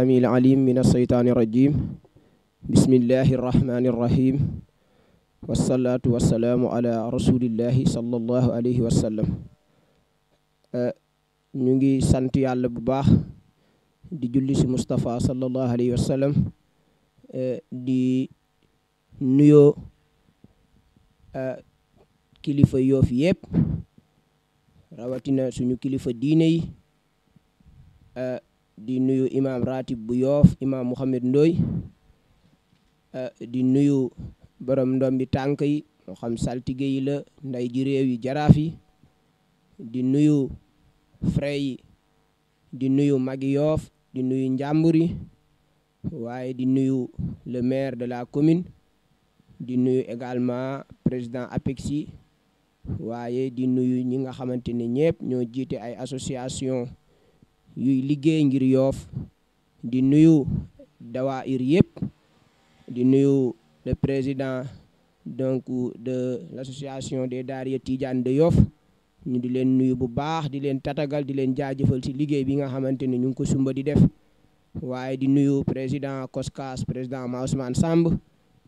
السميع العليم من الشيطان الرجيم بسم الله الرحمن الرحيم والصلاة والسلام على رسول الله صلى الله عليه wasallam ñu ngi sant yàlla bu baax di julli si Moustapha sallallahu alayhi wa sallam di nuyoo kilifa yoof yëpp rawatina suñu kilifa diine yi di nuyu imaam ratib bu yoof imaam Mouhamed Ndoy euh, di nuyu borom ndombi tànk yi moo xam saltige yi la nday ji réew yi jaraaf di nuyu frais yi di nuyu magi yoof di nuyu njàmbur yi waaye di nuyu le maire de la commune di nuyu également président APEXI waaye di nuyu ñi nga xamante ne ñëpp ñoo jiite ay association yuy liggéey ngir yoof di nuyu dawaayir yëpp di nuyu le président donc de l'association des daara Tidiane de yoof ñu di leen nuyu bu baax di leen tatagal di leen jaajëfal ci liggéey bi nga xamante ne ñu ngi ko sumba di def waaye di nuyu président COSCAS président Ma Ousmane Samb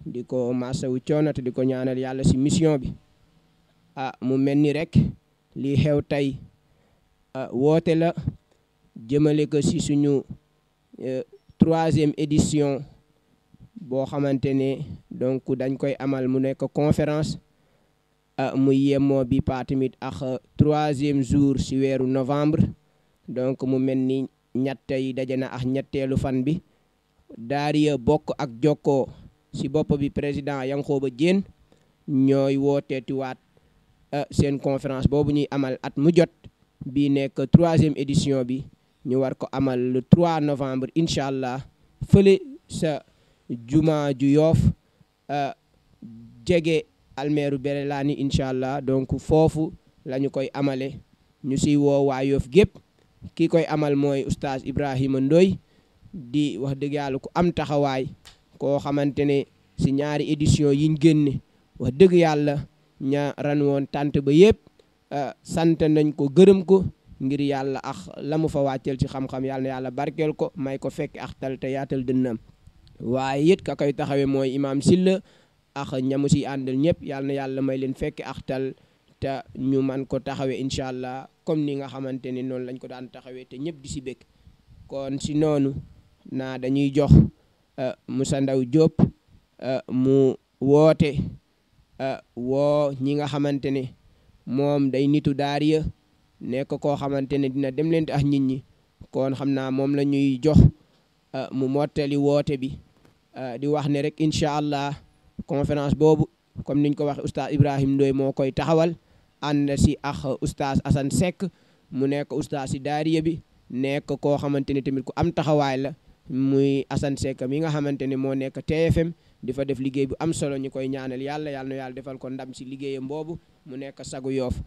di ko masawu coono te di ko ñaanal yàlla si mission bi ah mu mel ni rek lii xew tey ah, woote la jëmale ko ci suñu euh, troisième édition boo xamante ne donc dañ koy amal mu nekk conférence ah, mu yemo bi paa tamit ak troisième jour si weeru novembre donc mu mel ni ñett yi daje na ak ñetteelu fan bi daariya bokk ak jokkoo ci bopp bi président Yankhoba Diène ñooy wooteetiwaat ah, seen conférence boobu ñuy amal at mu jot bi nekk troisième édition bi ñu war ko amal le 3 novembre incha allah fële sa juma ju yoof euh, jege almeeru Berelani incha allah donc foofu la ñu koy amale ñu siy woo gépp ki koy amal mooy oustaz Ibrahima Ndoy di wax dëgg yàlla ku am taxawaay koo xamante ne si ñaari édition yiñ génne wax dëgg yàlla ña ran woon tànt ba yëpp euh, sant nañ ko gërëm ko ngir yalla ak la fa wàcceel ci xam-xam yalla yalla barkel ko may ko fekk ak tal te yatal dënnam waaye yit ka koy taxawé moy imam silla ak ñamu ci andal ñep yalla yalla may leen fekk ak tal te ñu man ko taxawé inshallah comme ni nga xamanteni non lañ ko daan taxawé te ñep di ci bekk kon ci nonu na dañuy jox euh, musa Ndaw euh mu euh wo ñi nga xamanteni mom ini day nitu nekk koo xamante ne dina dem leen ak nit ñi kon xam naa moom la ñuy jox euh, mu motteeli woote bi euh, di wax ne rek incha allah conférence boobu comme niñ ko waxee oustaz Ibrahim Ndoye moo koy taxawal ànd si ax oustaz Assane Seck mu nekk oustaz si daariya bi nekk koo xamante ne tamit ku am taxawaay la muy Assane Seck mi nga xamante ne moo nekk TFM di fa def liggéey bi am solo ñu koy ñaanal yàlla yàlla na yàlla defal ko ndam si liggéeyam boobu mu nekk sagu yoof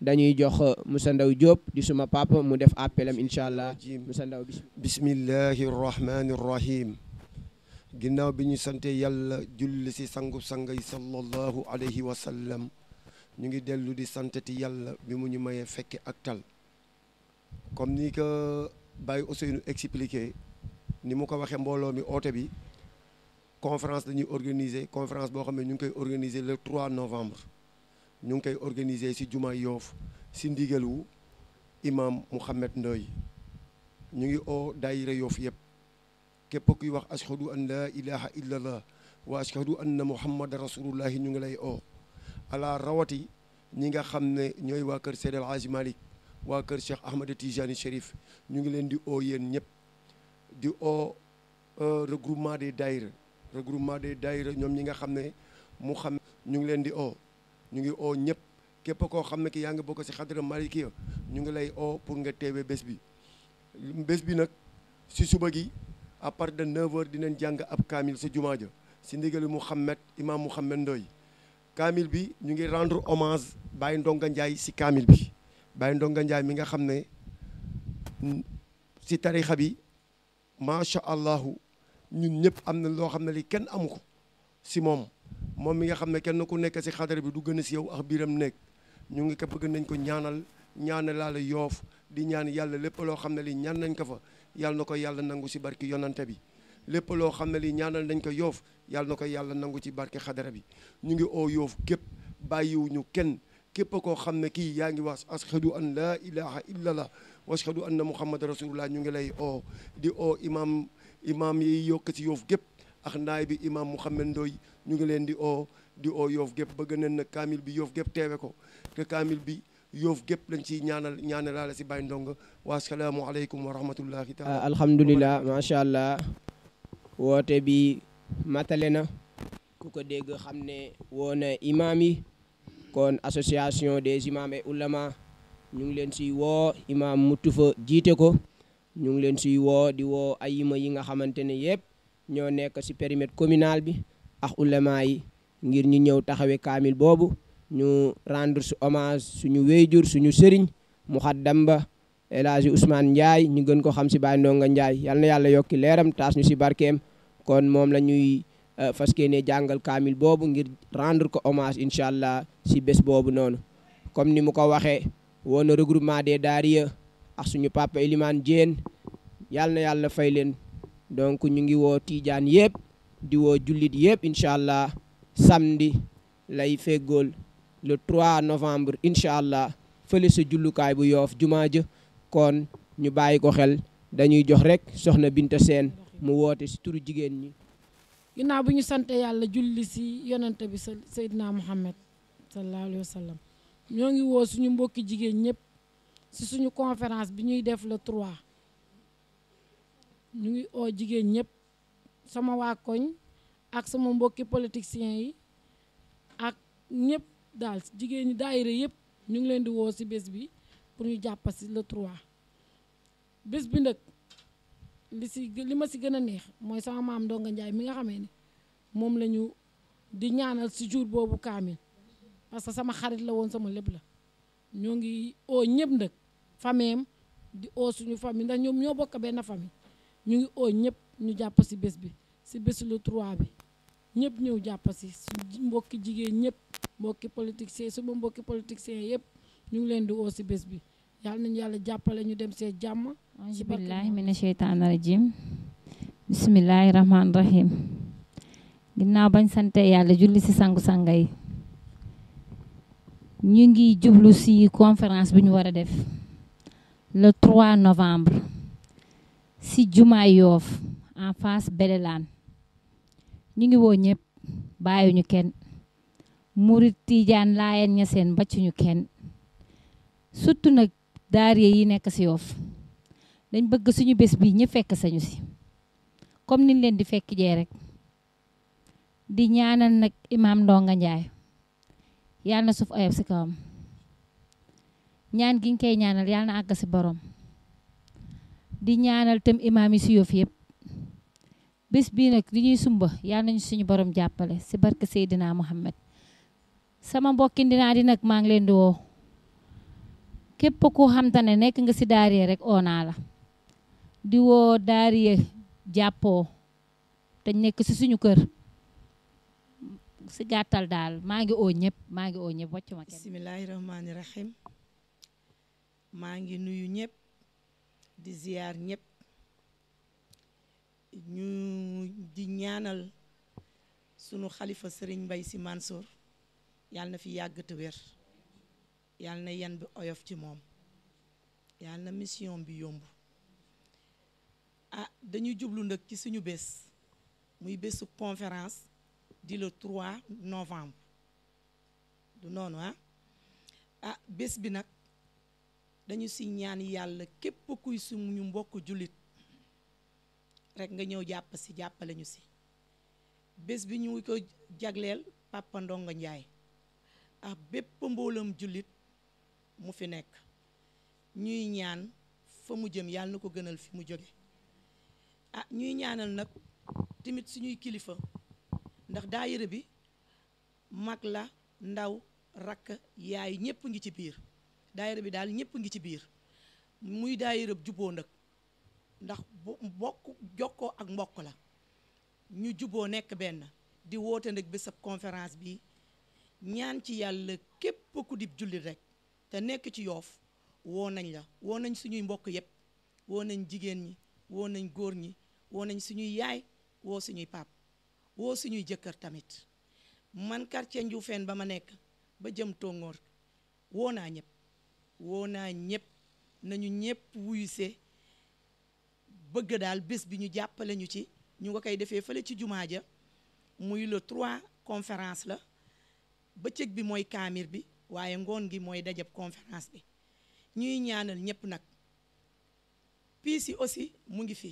dañuy jox euh, Moussa Ndaw Diop di suma papa mu def appelam incha allah Moussa Ndaw bismillahi rahmani rahim ginnaaw bi ñu sante yàlla julli si sangu-sang yi sallallahu alayhi wa sallam ñu ngi dellu di santati yàlla bi mu ñu mayee fekke ak tal comme ni ko Baye Ousseynou expliqué ni mu ko waxee mbooloo mi oote bi conférence dañuy organiser confrance boo xam ne ñu ngi koy organiser le trois novembre ñu ngi koy organiser ci juma yoof ci ndigalu imam Mouhamed ndoy ñu ngi oo daayira yoof yëpp képp kuy wax ashhadu an laa ilaha illa allah wa ashhadu anna muhammadan rasulullahi ñu ngi lay oo ala rawati ñi nga xam ne ñooy waa kër Seydal Hadji Malick waa kër Cheikh Ahmed Tijani Chérif ñu ngi leen di oo yéen ñëpp di oo euh, regroupement des daayira regroupement des daayira ñoom ñi nga xam ne mu xam ñu ngi leen di oo ñu ngi oo ñëpp képp koo xam ne ki yaa ngi bokk si xadra Malikia ñu ngi lay oo pour nga teewee bés bi bés bi nag si suba gi à partir de 9h dinañ jàng ab kaamil sa jumaa ja si ndigalu Mouhamed imam Mouhamed Ndoye kaamil bi ñu ngi rendre hommage Baye Ndonga Ndiaye si kaamil bi Baye Ndonga Ndiaye mi nga xam ne si tarixa bi macha allahu ñun ñëpp am na loo xam ne li kenn amu ko si moom mom mi nga xamne kenn ku nekk ci xadar bi du gëna ci yow ak biram nekk ñu ngi ko bëgg nañ ko ñaanal la yoof di ñaan yàlla lépp lo xamne li ñaan nañ ko fa yàlla nako yàlla nangu ci barki yonante bi lépp lo xamne li ñaanal nañ ko yoof yàlla nako yàlla nangu ci barki xadar bi ñu ngi o yoof bayyi wuñu kenn kep ko xamne ki yaangi wax ashadu an la ilaha illa allah wa ashadu anna muhammad rasulullah ñu ngi lay o di o imam imam yi yok ci yoof kep ak naay bi imam Mouhamed Ndoye ñu ngi leen di oo yoof gépp bëgg nañ na kaamil bi yoof gépp teewe ko te kaamil bi yoof gépp lañ ciy ñaanal ñaanalaale si Baye Ndongo wa asalaamu aleykum wa rahmatullahi taala ah, alhamdulilah macha allah woote bi matale na ku ko dégg xam ne woona imaam yi kon association des imams et ulama ñu ngi leen siy woo imam Mutufa jiite ko ñu ngi leen siy woo di woo ayima yi nga xamante ne yëpp ñoo nekk ci périmètre communal bi ak ulama yi ngir ñu ñëw taxawee kaamil nyu ñu rendre su hommage suñu wéyjur suñu sëriñ muxaddam ba El Ousmane Ndiaye ñu gën ko xam ci Baye Ndonga Ndiaye yal na yàlla yokki leeram taas ñu ci kon mom la ñuy euh, fas faskene jangal kaamil boobu ngir rendre ko hommage incha allah ci bés boobu noonu comme ni mu ko waxee woon na regroupement des daariya ak suñu papa Elimane Diène yal na yàlla fay len donc ñu ngi woo tiijaan yëpp di woo jullit yëpp incha allah samedi lay feggool le trois novembre incha allah fële sa jullukaay bu yoof jumaa jë kon ñu bàyyi ko xel dañuy jox rek soxna Binta Seen mu woote si turu jigéen ñi ginnaaw bu ñu sante yàlla julli si yonante bi Seydina Muhammad sallallahu alayhi wa sallam ñoo ngi woo suñu mbokki jigéen ñëpp si suñu conférence bi ñuy def le 3 ñu ngi oo jigéen ñëpp sama waa koñ ak sama mbokki politiciens yi ak ñëpp daal jigéen ñi daayira yëpp ñu ngi leen di woo ci bés bi pour ñu jàppa ci le 3 bés bi nag li ci li ma ci gën a neex mooy sama maam Ndonga Njaay mi nga xamee ni moom la ñu di ñaanal ci jour boobu kaamil parce que sama xarit la woon sama lépp la ñoo ngi oo ñëpp nag fameem di oo suñu famille ndax ñoom ñoo bokk benn famille ñu ngi o ñep ñu japp ci bës bi ci bës le 3 bi ñep ñew japp ci mbokk jigeen ñep mbokk mbokki politiciens suma mbokki politiciens yep ñu ngi leen di oo si bés bi yalla nañu yalla jappalé ñu dem see jàmm auzu billahi mina sheytaan rajim bismillahir rahmanir rahim ginnaw bañ santé yalla julli ci sangu sangay ñu ngi jublu ci conférence bi ñu wara def le 3 novembre si jumaa yoof en face Belelaan ñu ngi woo ñëpp bàyyiwuñu kenn murit tiijaan laayeen ñaseen bàccuñu kenn surtout nag daara yi nekk si yoof dañ bëgg suñu bés bi ñu fekk sañu si comme niñ leen di fekk jee rek di ñaanal nag imaam Ndonga Njaay yàlla na suuf oyof si kawam ñaan giñ koy ñaanal yàlla na àgg si boroom di ñaanal tam imam yi si yoof yëpp bés bii nag ñuy sumba ya nañ suñu borom jappalé ci barke sayyidina Muhammad sama mbokki dina di nak ma ngi leen di woo képp ko xam tane nek nga ci daariye rek ona la di wo daariye ya jappo te nek ci suñu kër ci gàttal dal ma ngi o ñep ma ngi o ñep waccuma ma kenn bismillahi rahmaani rahim ma ngi nuyu ñep di ziar ñep ñu di ñaanal sunu khalifa serigne mbay si Mansour yàlla na fi yàgg te wer yàlla na yan bi oyof ci mom yàlla na mission bi yomb ah dañuy jublu nak ci suñu bes muy besu conférence di le 3 novembre du nono ah ah bi nak dañu si ñaan yàlla képp kuy suñu mbokk jullit rek nga ñëw jàpp si jàppale ñu si bés bi ñu ko jagleel Papa Ndongo Ndiaye ak bépp mboolam jullit mu fi nekk ñuy ñaan fa mu jëm yàlla na ko gënal fi mu jóge a ah, ñuy ñaanal nag tamit suñuy kilifa ndax daayira bi mag la ndaw rakk yaay ñépp ngi ci biir daayira bi daal ñëpp ngi ci biir muy daayira juboo nag ndax mbokk jokkoo ak mbokk la ñu juboo nekk benn di woote nag sab conférence bi ñaan ci yàlla képp ku dib jullit rek te nekk ci yoof woo nañ la woo nañ suñuy mbokk yépp woo nañ jigéen ñi woo nañ góor ñi woo nañ suñuy yaay woo suñuy pap woo suñuy jëkkër tamit man quartier Ndioufène ba ma nekk ba jëm Tongoor woo naa ñëpp woo naa ñëpp nañu ñëpp wuyuse bëgg daal bés bi ñu jàppale ñu ci ñu nga koy defee fële ci jumaa ja muy le 3 conférence la bëccëg bi mooy kaamir bi waaye ngoon gi mooy dajab conférence bi ñuy ñaanal ñëpp nag pii yi aussi mu ngi fi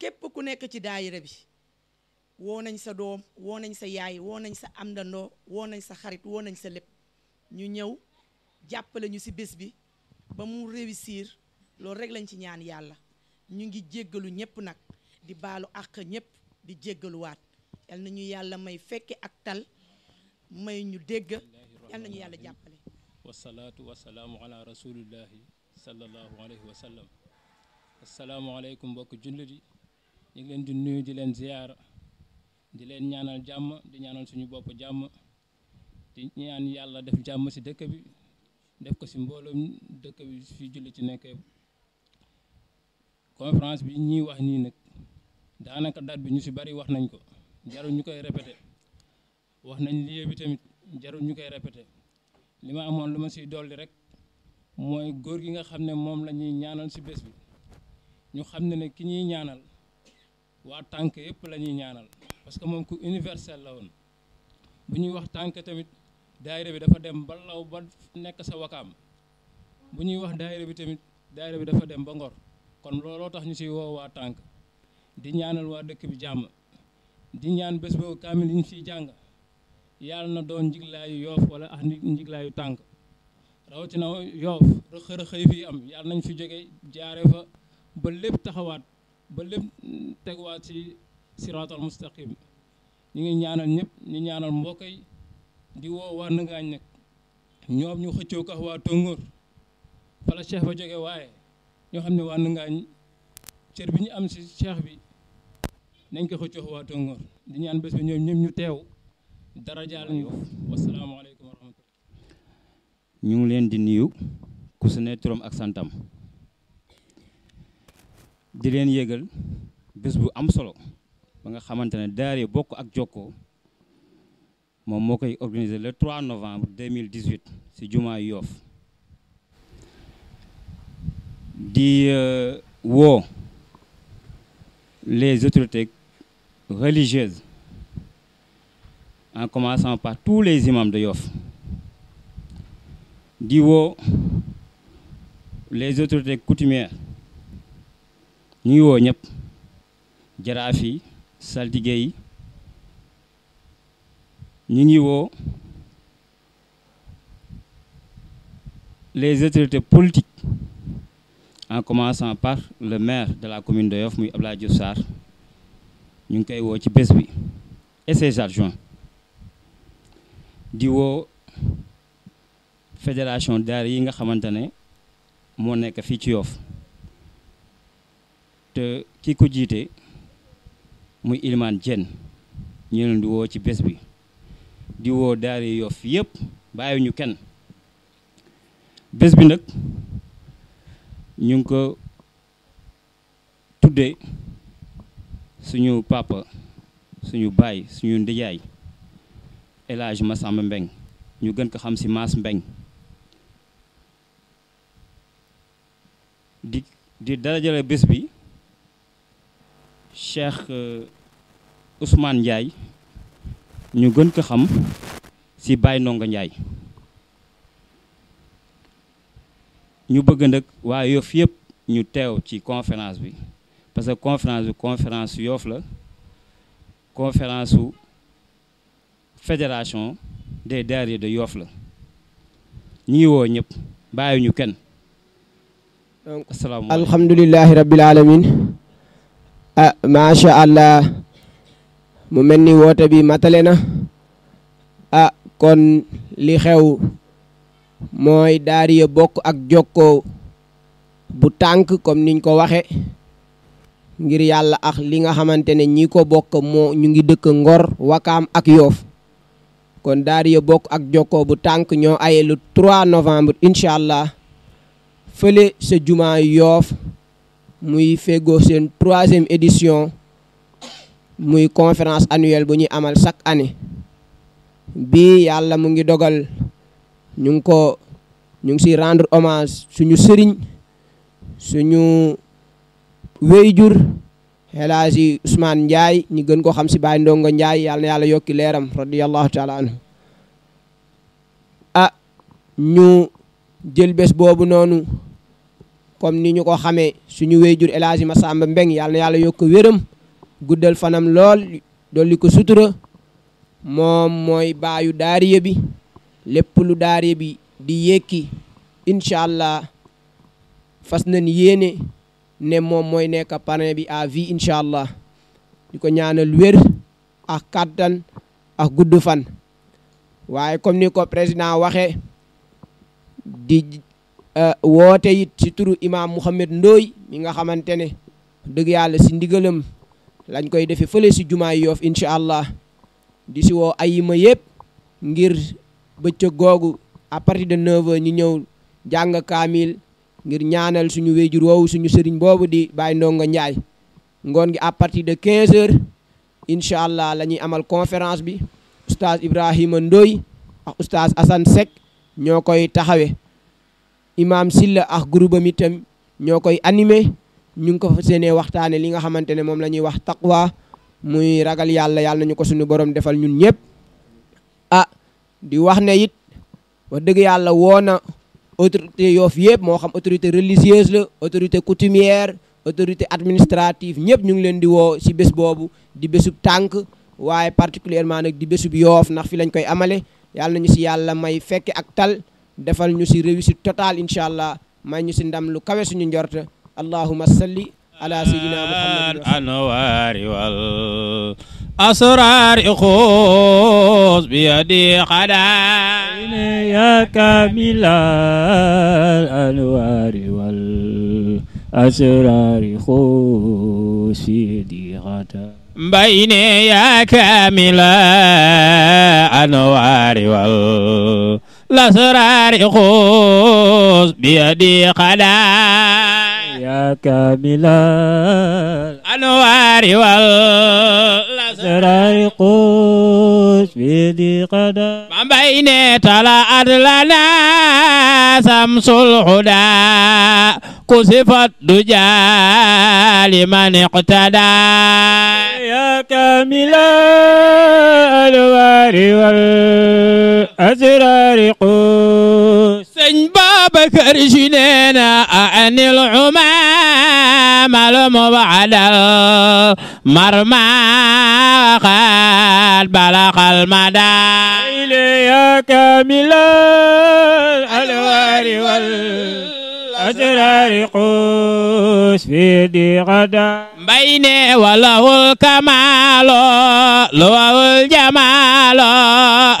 képp ku nekk ci daayira bi woo nañ sa doom woo nañ sa yaay woo nañ sa amndandoo woo nañ sa xarit woo nañ sa lépp ñu ñëw jappalé ñu ci bës bi ba mu réussir loolu rek lañ ci ñaan yalla ñu ngi jéggalu ñépp nak di balu ak ñépp di jéggaluwaat waat na ñu yalla may fekke ak tal may ñu dégg yal na ñu yàlla jàppale wasalaatu wasalaamu ala rasulillahi sallallahu alayhi wa sallam assalamu alaykum jullit yi ñu ngi leen di nuyu di leen ziyaara di leen ñaanal jamm di ñaanal suñu bop jamm di ñaan yalla def jamm ci dekk bi def ko ci mbooloom dëkk bi fi julli ci nekk yëpp bi ñuy wax nii nag daanaka date bi ñu si bari wax nañ ko jarul ñu koy répété wax nañ lieu bi tamit jarul ñu koy répété li ma amoon lu ma ciy dolli rek mooy góor gi nga xam ne moom la ñuy ñaanal si bés bi ñu xam ne ne ki ñuy ñaanal waa tànk yëpp la ñuy ñaanal parce que moom ku universel la woon bu ñuy wax tànk tamit. daayira bi dafa dem ba law ba nekk sa wakaam bu ñuy wax daayira bi tamit daayira bi dafa dem ba ngor kon looloo tax ñu si woo waa tànk di ñaanal waa dëkk bi jàmm di ñaan bés boobu kaamil yi ñu siy jàng yàlla na doon njiglaayu yoof wala ah njiglaayu tànk rawatina yoof rëq-rëq am yàlla nañ fi jóge jaare fa ba lépp taxawaat ba lépp teguwaat si siraatal mustaqim ñu ngi ñaanal ñëpp ñu ñaanal mbokk yi di woo waa nangaañ nag ñoom ñu xëccoo kax waa tóngoor fala cheikh ba jógee waaye ñoo xam ne waa cër bi ñu am si cheikh bi nañ ko xëccoo waa tóngoor di ñaan bés bi ñoom ñu teew dara jaal ñu wasalaamaaleykum wa rahmatullah ñu ngi leen di nuyu ku su ne ak santam di leen yëgal bés bu am solo ba nga xamante ne daare bokk ak jokkoo Mon organisé le 3 novembre 2018 C'est Juma Yoff euh, les autorités religieuses en commençant par tous les imams de Yoff di les autorités coutumières nous wo, ñëpp Djarafi, ñi ngi woo les autorités politiques en commençant par le maire de la commune de Yoff muy Abdoulaye Diouf Sarr ñu ngi koy woo ci bés bi et ses adjoints di woo fédération daara yi nga xamante ne moo nekk fii ci Yoff te ki ko jiite muy Iliman Diène ñu leen ci bés bi di woo daara Yoff yëpp bàyyi ñu kenn bés bi nag ñu ngi ko tuddee suñu papa suñu baay suñu ndijaay El ma Massamba Mbeng ñu gën ko xam ci Mass Mbeng di di darajale bés bi Cheikh euh, usmaan Ndiaye ñu gën ko xam ci Baye Ndongo Ndiaye ñu bëgg nag waa Yoff yëpp ñu teew ci conférence bi parce que conférence bi conférence Yoff la conférence su fédération des daara de yoof la ñu woo ñëpp bàyyi ñu kenn donc alhamdulilahi alamin ah macha allah mu mel ni woote bi matale na ah kon li xew mooy daariya bokk ak jokkoo bu tànk comme niñ ko waxe ngir yàlla ak li nga xamante ne ñi ko bokk moo ñu ngi dëkk Ngor Wakaam ak Yoof kon daariya bokk ak jokkoo bu tànk ñoo aye lu 3 novembre incha allah fële sa jumaa Yoof muy feggoo seen troisième édition muy conférence annuelle bu ñuy amal sak année bi yalla mu ngi dogal ñu ngi ko ñu ngi siy rendre hommage suñu sëriñ suñu wéyjur Elaaji Ousmane Ndiaye ñi gën ko xam si Baye Ndongo Ndiaye yalla yalla yokki leeram radiyallahu taala anhu a ah, ñu jël bes bobu nonu comme ni ñu ko xamé suñu wéyjur Elaaji Massamba Mbeng yalla yalla yàlla guddal fanam lool dolli ko sutura moom mooy baayu daariya bi lépp lu daariya bi di yékki incha allah fas nañ yéene ne moom mooy nekk parrain bi à vie incha allah di ko ñaanal wér ak kàttan ak gudd fan waaye comme ni ko président waxe di euh, woote it ci turu imam Mouhamed Ndoye mi nga xamante ne dëgg yàlla si ndigalam lañ koy defee fële si jumaa yoof incha allah di si woo ayima yëpp ngir bëccëg googu à partir de 9h ñu ñëw jàng kaamil ngir ñaanal suñu wéjur woowu suñu sëriñ boobu di Baye Ndongo Ndiaye ngoon gi à partir de quinze h incha allah la ñuy amal conférence bi oustaz Ibrahima Ndoy ak oustaz Assane Seck ñoo koy taxawe imam Silla ak groupe am itam ñoo koy animé. ñu ko fassene waxtane li nga xamantene ne lañuy wax taqwa muy ragal yalla yalla nañu ko suñu borom defal ñun ñepp ah di wax ne yit wa deug yalla wona autorité yof yëpp mo xam autorité religieuse la autorité coutumière autorité administrative ñepp ñu ngi leen di wo ci bobu di bésub tank waye particulièrement nak di besub yof nak fi lañ koy amale yalla nañu ci yalla may fekk ak tal defal ñu si réussite totale inshallah may ñu ci ndam lu kawé suñu اللهم صل على سيدنا محمد الأنوار والأسرار خذ بيدي قدام يا كامل الأنوار والأسرار خذ بيدي قدا بيني يا كامل أنوار والأسرار خذ بيدي قدا يا كامل الأنوار والأسرار قوس بيدي قدا من بين طلعت لنا شمس الهدى كسفت دجى لمن اقتدى يا كامل الأنوار والأسرار قوس sëñ Babacar Si nee anil umaama lu mu baadal marmaqaat balaxal madaal ilayya kaamilal alwaari wal أسرار قوس في دي غدا بيني وله الكمال له الجمال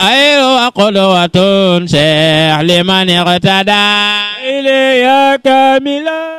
أير قدوة شيخ لمن اقتدى إلي يا كاملا